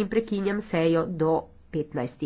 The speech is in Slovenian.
in prekinjam sejo do 15.